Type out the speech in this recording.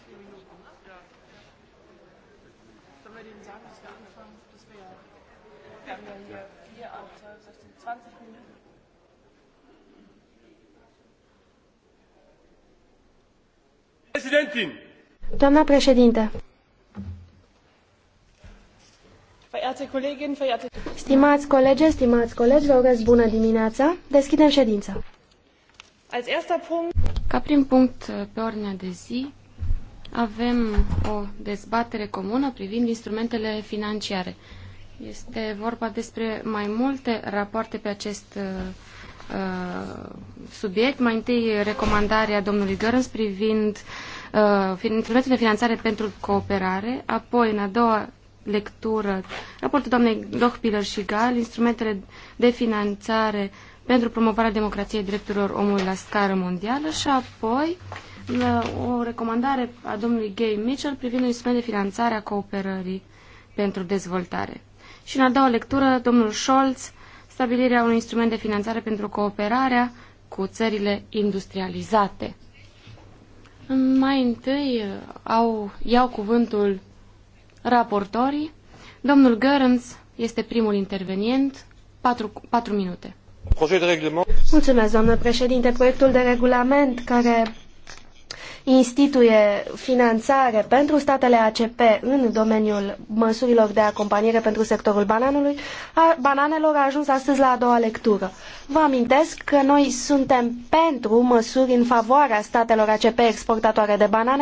Minuten. Ne? Ja. Sollen wir denen sagen, dass wir anfangen? Wir haben ja hier Minuten. Doamna președinte! Stimați colegi, stimați colegi, vă urez bună dimineața. Deschidem ședința. Ca prim punct pe ordinea de zi, avem o dezbatere comună privind instrumentele financiare. Este vorba despre mai multe rapoarte pe acest uh, uh subiect. Mai întâi recomandarea domnului Gărâns privind uh, instrumentele financiare pentru cooperare, apoi în a doua lectură raportul doamnei Lochpiller și Gal, instrumentele de finanțare pentru promovarea democrației drepturilor omului la scară mondială și apoi uh, o recomandare a domnului Gay Mitchell privind un instrument de finanțare a cooperării pentru dezvoltare. Și în a doua lectură, domnul Scholz, stabilirea unui instrument de finanțare pentru cooperarea cu țările industrializate. Mai întâi uh, au, iau cuvântul raportorii. Domnul Gărânț este primul intervenient. Patru, patru minute. Mulțumesc, doamnă președinte. Proiectul de regulament care instituie finanțare pentru statele ACP în domeniul măsurilor de acompaniere pentru sectorul bananului, a, bananelor a ajuns astăzi la a doua lectură. Vă amintesc că noi suntem pentru măsuri în favoarea statelor ACP exportatoare de banane